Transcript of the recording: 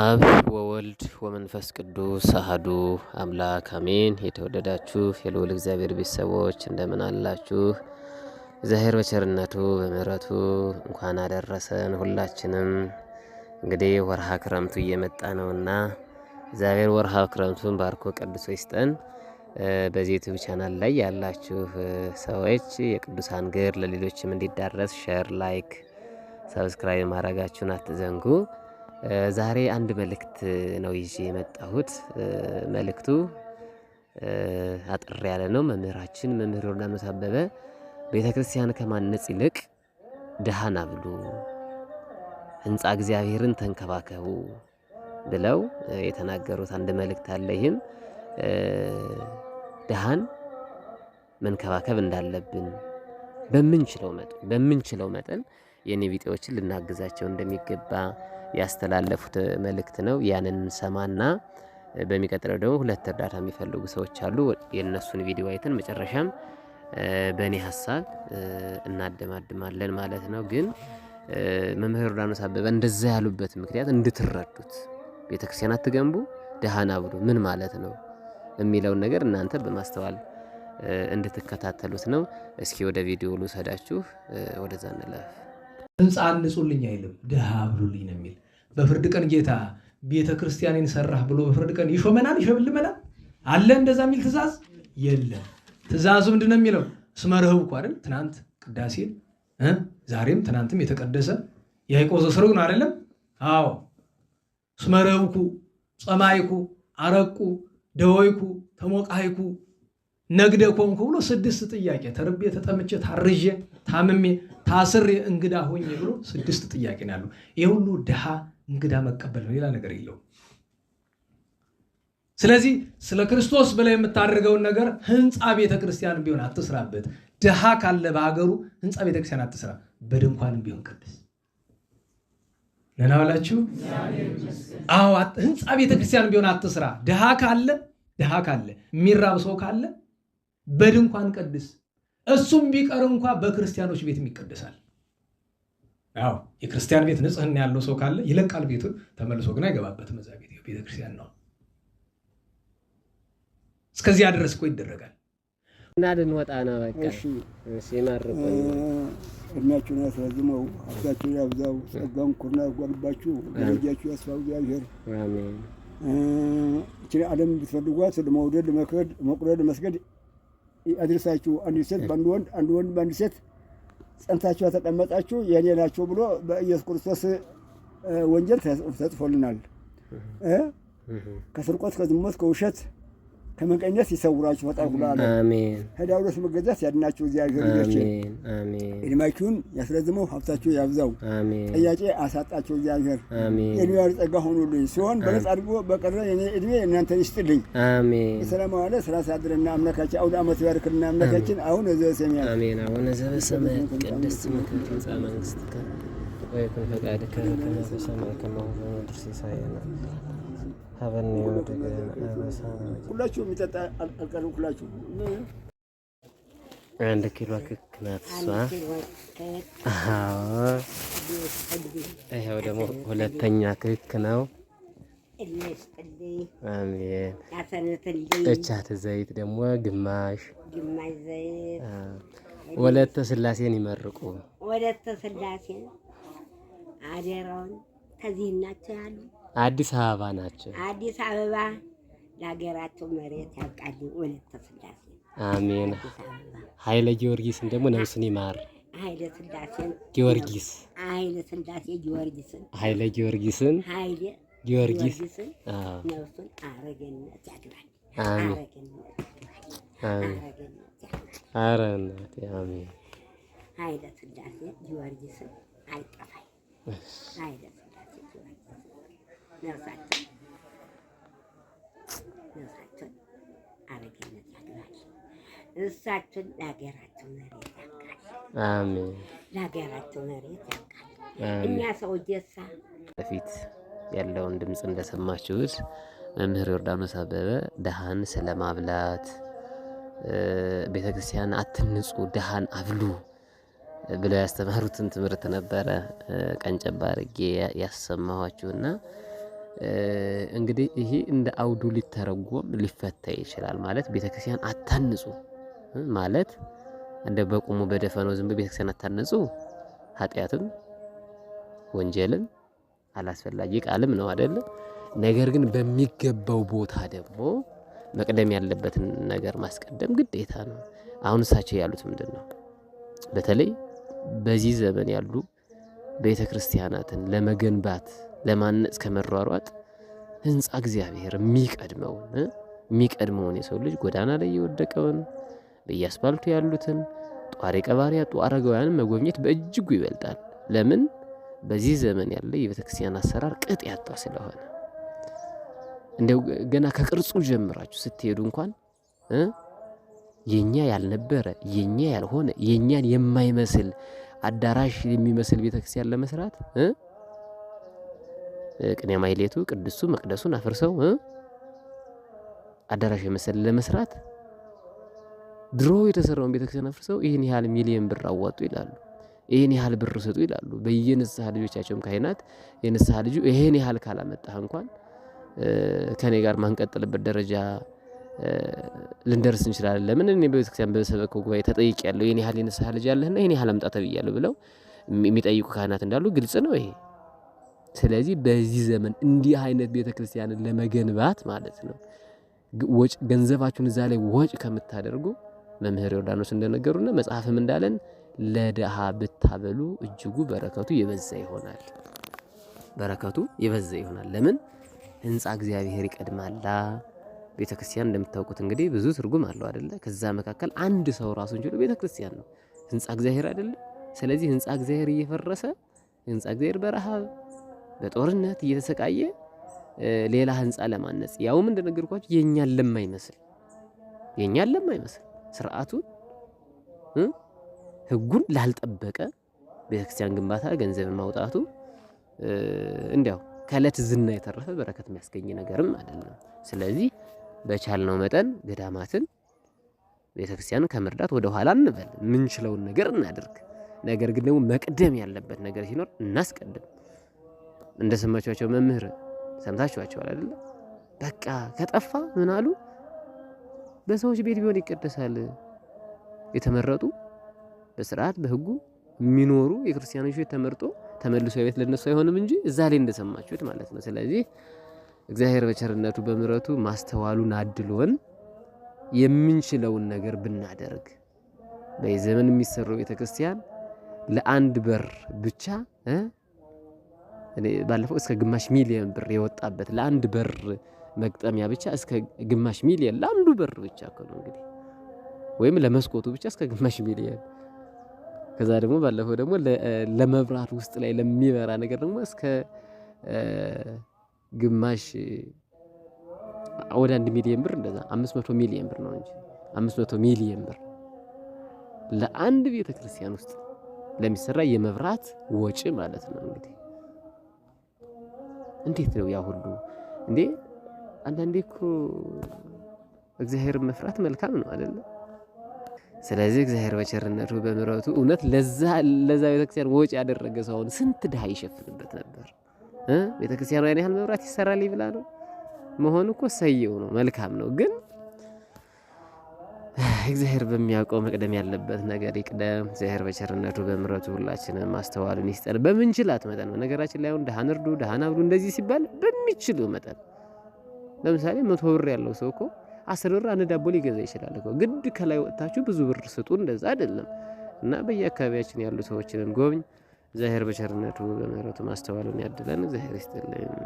አብ ወወልድ ወመንፈስ ቅዱስ አህዱ አምላክ አሜን። የተወደዳችሁ የልዑል እግዚአብሔር ቤተሰቦች እንደምን አላችሁ? እግዚአብሔር በቸርነቱ በምሕረቱ እንኳን አደረሰን። ሁላችንም እንግዲህ ወርሃ ክረምቱ እየመጣ ነውና እግዚአብሔር ወርሃ ክረምቱን ባርኮ ቀድሶ ይስጠን። በዚህ ዩቱብ ቻናል ላይ ያላችሁ ሰዎች የቅዱሳን ግር ለሌሎችም እንዲዳረስ ሼር፣ ላይክ፣ ሰብስክራይብ ማድረጋችሁን አትዘንጉ። ዛሬ አንድ መልእክት ነው ይዤ የመጣሁት። መልእክቱ አጥር ያለ ነው። መምህራችን መምህር ዮርዳኖስ አበበ ቤተ ክርስቲያን ከማነጽ ይልቅ ድሃን አብሉ፣ ህንፃ እግዚአብሔርን ተንከባከቡ ብለው የተናገሩት አንድ መልእክት አለ። ይህም ድሃን መንከባከብ እንዳለብን በምንችለው መጠን በምንችለው መጠን የኔ ቢጤዎችን ልናግዛቸው እንደሚገባ ያስተላለፉት መልእክት ነው። ያንን ሰማና በሚቀጥለው ደግሞ ሁለት እርዳታ የሚፈልጉ ሰዎች አሉ። የእነሱን ቪዲዮ አይተን መጨረሻም በእኔ ሀሳብ እናደማድማለን ማለት ነው። ግን መምህር ዮርዳኖስ አበበ እንደዛ ያሉበት ምክንያት እንድትረዱት ክርስቲያን አትገንቡ፣ ድሃን አብዱ ምን ማለት ነው የሚለውን ነገር እናንተ በማስተዋል እንድትከታተሉት ነው። እስኪ ወደ ቪዲዮ ልውሰዳችሁ። ወደዛ እንለፍ። ህንፃ አንጹልኝ አይልም ድሃ አብዱልኝ ነው የሚል በፍርድ ቀን ጌታ ቤተ ክርስቲያንን ሰራህ ብሎ በፍርድ ቀን ይሾመናል፣ ይሸልመናል አለ? እንደዛ የሚል ትእዛዝ የለም። ትእዛዙ ምንድን ነው የሚለው? ስመርህብ እኮ አይደል? ትናንት ቅዳሴ ዛሬም ትናንትም የተቀደሰ የያዕቆብ ዘሥሩግ ነው አይደለም? አዎ ስመርህብኩ ጸማይኩ አረቁ ደወይኩ ተሞቃይኩ ነግደ ኮንኩ ብሎ ስድስት ጥያቄ ተርቤ ተጠምቼ ታርዤ ታምሜ ታስሬ እንግዳ ሆኜ ብሎ ስድስት ጥያቄ ነው ያለው። ይህ ሁሉ ድሃ እንግዳ መቀበል ነው፣ ሌላ ነገር የለውም። ስለዚህ ስለ ክርስቶስ ብለህ የምታደርገውን ነገር ህንፃ ቤተክርስቲያን ቢሆን አትስራበት። ድሃ ካለ በሀገሩ ህንፃ ቤተክርስቲያን አትስራ። በድንኳንም ቢሆን ቅድስ ለናውላችሁ አዎ፣ ህንፃ ቤተክርስቲያን ቢሆን አትስራ። ድሃ ካለ ድሃ ካለ የሚራብ ሰው ካለ በድንኳን ቅድስ፣ እሱም ቢቀር እንኳ በክርስቲያኖች ቤት ይቀደሳል። ያው የክርስቲያን ቤት ንጽህና ያለው ሰው ካለ ይለቃል ቤቱ ተመልሶ ግን አይገባበትም። እዛ ቤት ቤተክርስቲያን ነው። እስከዚያ ድረስ እኮ ይደረጋል። እና ልንወጣ ነው። በቃ ሲማርቆ እድሜያችሁን ያስረዝመው፣ ሀብታችሁን ያብዛው፣ ጸጋውን ኩርና ያጓልባችሁ፣ ደረጃችሁ ያስፋው እግዚአብሔር። ይህችን ዓለም ብትፈልጓት ለመውደድ፣ ለመክበድ፣ መቁረድ፣ መስገድ አድርሳችሁ። አንድ ሴት በአንድ ወንድ፣ አንድ ወንድ በአንድ ሴት ጸንታችሁ ያተቀመጣችሁ የእኔ ናችሁ ብሎ በኢየሱስ ክርስቶስ ወንጀል ተጽፎልናል። ከስርቆት ከዝሙት፣ ከውሸት ከመቀኘስ ይሰውራችሁ ፈጣሪ ሁሉ አለ። ከዲያብሎስ መገዛት ያድናችሁ። እግዚአብሔር ልጆች እድሜያችሁን ያስረዝመው፣ ሀብታችሁ ያብዛው፣ ጠያቄ አሳጣችሁ። እግዚአብሔር የኒዋሪ ጸጋ ሆኑልኝ ሲሆን በነጻ አድርጎ በቀረ የኔ እድሜ እናንተን ይስጥልኝ። የሰላም ዋለ ስራ ሳድርና አምላካችን አውደ አመት ይባርክልና አምላካችን አሁን ዘበሰሚያ አሁን ዘበሰማያት ቅድስት ምክር ህንፃ መንግስት ወይኩን ፈቃድከ ከመ በሰማይ ከማሁ በምድር ሲሳየነ ሀበነ ዮዲግ ሁላችሁ የሚጠጣ አልቀርም። ሁላችሁ አንድ ኪሎ ክክ ናት እሷ። ይኸው ደግሞ ሁለተኛ ክክ ነው። አሜን። እቻት ዘይት ደግሞ ግማሽ ወለተ ስላሴን ይመርቁ ወለተ ስላሴን አደራውን ከዚህ ናቸው ያሉ አዲስ አበባ ናቸው። አዲስ አበባ ለሀገራቸው መሬት ያብቃል። ወለተ ስላሴ አሜን። ኃይለ ጊዮርጊስን ደግሞ ነፍሱን ይማር። ኃይለ ስላሴን ጊዮርጊስ ኃይለ ስላሴ ጊዮርጊስን ኃይለ ጊዮርጊስን ኃይለ ጊዮርጊስ ነፍሱን አረገነት ያግባል። አሜን አሜን። አረ እናቴ አሜን። ኃይለ ስላሴ ጊዮርጊስን አይጠፋል። ነፍሳቸው ለሀገራቸው መሬት ያብቃል። ለሀገራቸው መሬት ያብቃል። እኛ ሰው ጀሳ በፊት ያለውን ድምፅ እንደሰማችሁት መምህር ዮርዳኖስ አበበ ድሃን ስለማብላት ቤተክርስቲያን አትንጹ፣ ድሃን አብሉ ብለው ያስተማሩትን ትምህርት ነበረ ቀንጨባ አድርጌ ያሰማኋችሁና እንግዲህ ይሄ እንደ አውዱ ሊተረጎም ሊፈታ ይችላል። ማለት ቤተክርስቲያን አታንጹ ማለት እንደ በቁሙ በደፈነው ዝም ቤተክርስቲያን አታንጹ ኃጢአትም ወንጀልም አላስፈላጊ ቃልም ነው አይደለ? ነገር ግን በሚገባው ቦታ ደግሞ መቅደም ያለበትን ነገር ማስቀደም ግዴታ ነው። አሁን እሳቸው ያሉት ምንድን ነው? በተለይ በዚህ ዘመን ያሉ ቤተ ክርስቲያናትን ለመገንባት ለማነጽ ከመሯሯጥ ህንፃ እግዚአብሔር የሚቀድመውን የሚቀድመውን የሰው ልጅ ጎዳና ላይ የወደቀውን በየአስፋልቱ ያሉትን ጧሪ ቀባሪ ያጡ አረጋውያንን መጎብኘት በእጅጉ ይበልጣል። ለምን? በዚህ ዘመን ያለ የቤተ ክርስቲያን አሰራር ቅጥ ያጣ ስለሆነ እንደው ገና ከቅርጹ ጀምራችሁ ስትሄዱ እንኳን የኛ ያልነበረ የኛ ያልሆነ የኛን የማይመስል አዳራሽ የሚመስል ቤተክርስቲያን ለመስራት ቅኔ ማህሌቱ ቅዱሱ መቅደሱን አፍርሰው አዳራሽ የመሰለ ለመስራት ድሮ የተሰራውን ቤተክርስቲያን አፍርሰው ይህን ያህል ሚሊየን ብር አዋጡ ይላሉ። ይህን ያህል ብር ስጡ ይላሉ። በየንስሐ ልጆቻቸውም ካህናት የንስሐ ልጁ ይህን ያህል ካላመጣህ እንኳን ከእኔ ጋር ማንቀጥልበት ደረጃ ልንደርስ እንችላለን። ለምን እኔ በቤተክርስቲያን በሰበከው ጉባኤ ተጠይቅ ያለው ይህን ያህል የንስሐ ልጅ ያለህና ይህን ያህል አምጣ ተብያለሁ ብለው የሚጠይቁ ካህናት እንዳሉ ግልጽ ነው ይሄ። ስለዚህ በዚህ ዘመን እንዲህ አይነት ቤተ ክርስቲያንን ለመገንባት ማለት ነው ወጭ ገንዘባችሁን እዛ ላይ ወጭ ከምታደርጉ መምህር ዮርዳኖስ እንደነገሩና መጽሐፍም እንዳለን ለድሃ ብታበሉ እጅጉ በረከቱ የበዛ ይሆናል። በረከቱ የበዛ ይሆናል። ለምን ህንፃ እግዚአብሔር ይቀድማላ። ቤተ ክርስቲያን እንደምታውቁት እንግዲህ ብዙ ትርጉም አለው አደለ? ከዛ መካከል አንድ ሰው ራሱን ችሎ ቤተ ክርስቲያን ነው፣ ህንፃ እግዚአብሔር አደለ? ስለዚህ ህንፃ እግዚአብሔር እየፈረሰ ህንፃ እግዚአብሔር በረሃብ በጦርነት እየተሰቃየ ሌላ ህንፃ ለማነጽ ያውም እንደነገርኳችሁ የእኛን ለማይመስል የእኛን ለማይመስል ስርዓቱን ህጉን ላልጠበቀ ቤተክርስቲያን ግንባታ ገንዘብን ማውጣቱ እንዲያው ከዕለት ዝና የተረፈ በረከት የሚያስገኝ ነገርም አይደለም። ስለዚህ በቻልነው መጠን ገዳማትን፣ ቤተክርስቲያንን ከመርዳት ወደ ኋላ እንበል። የምንችለውን ነገር እናድርግ። ነገር ግን ደግሞ መቅደም ያለበት ነገር ሲኖር እናስቀድም። እንደሰማችኋቸው መምህር ሰምታችኋቸዋል አይደለ? በቃ ከጠፋ ምን አሉ? በሰዎች ቤት ቢሆን ይቀደሳል። የተመረጡ በስርዓት በህጉ የሚኖሩ የክርስቲያኖቹ ተመርጦ ተመልሶ ቤት ለነሱ አይሆንም እንጂ እዛ ላይ እንደሰማችሁት ማለት ነው። ስለዚህ እግዚአብሔር በቸርነቱ በምረቱ ማስተዋሉን አድሎን የምንችለውን ነገር ብናደርግ በዚህ ዘመን የሚሰራው ቤተ ክርስቲያን ለአንድ በር ብቻ ባለፈው እስከ ግማሽ ሚሊየን ብር የወጣበት ለአንድ በር መግጠሚያ ብቻ እስከ ግማሽ ሚሊየን ለአንዱ በር ብቻ እኮ ነው እንግዲህ ወይም ለመስኮቱ ብቻ እስከ ግማሽ ሚሊየን ከዛ ደግሞ ባለፈው ደግሞ ለመብራት ውስጥ ላይ ለሚበራ ነገር ደግሞ እስከ ግማሽ ወደ አንድ ሚሊየን ብር እንደዛ አምስት መቶ ሚሊየን ብር ነው እንጂ አምስት መቶ ሚሊየን ብር ለአንድ ቤተ ክርስቲያን ውስጥ ለሚሰራ የመብራት ወጪ ማለት ነው። እንግዲህ እንዴት ነው ያ ሁሉ እንዴ? አንዳንዴ እኮ እግዚአብሔር መፍራት መልካም ነው አይደለ? ስለዚህ እግዚአብሔር በቸርነቱ በምሕረቱ እውነት ለዛ ለዛ ቤተክርስቲያን ወጪ ያደረገ ሰው አሁን ስንት ድሃ ይሸፍንበት ነበር? ቤተ ያን ያህል መብራት ይሰራል ይብላ ነው መሆኑ እኮ ሰየው ነው መልካም ነው። ግን እግዚአብሔር በሚያውቀው መቅደም ያለበት ነገር ይቅደም። እግዚአብሔር በቸርነቱ በምረቱ ሁላችንም ማስተዋሉን ይስጠን በምንችላት መጠን። በነገራችን ላይ አሁን ድሃን እርዱ፣ ድሃን አብሉ እንደዚህ ሲባል በሚችሉ መጠን ለምሳሌ መቶ ብር ያለው ሰው እኮ አስር ብር አንድ ዳቦ ሊገዛ ይችላል እኮ። ግድ ከላይ ወጥታችሁ ብዙ ብር ስጡ እንደዛ አይደለም እና በየአካባቢያችን ያሉ ሰዎችንን ጎብኝ እግዚአብሔር በቸርነቱ በምሕረቱ ማስተዋሉን ያድለን። እግዚአብሔር ይስጥልን።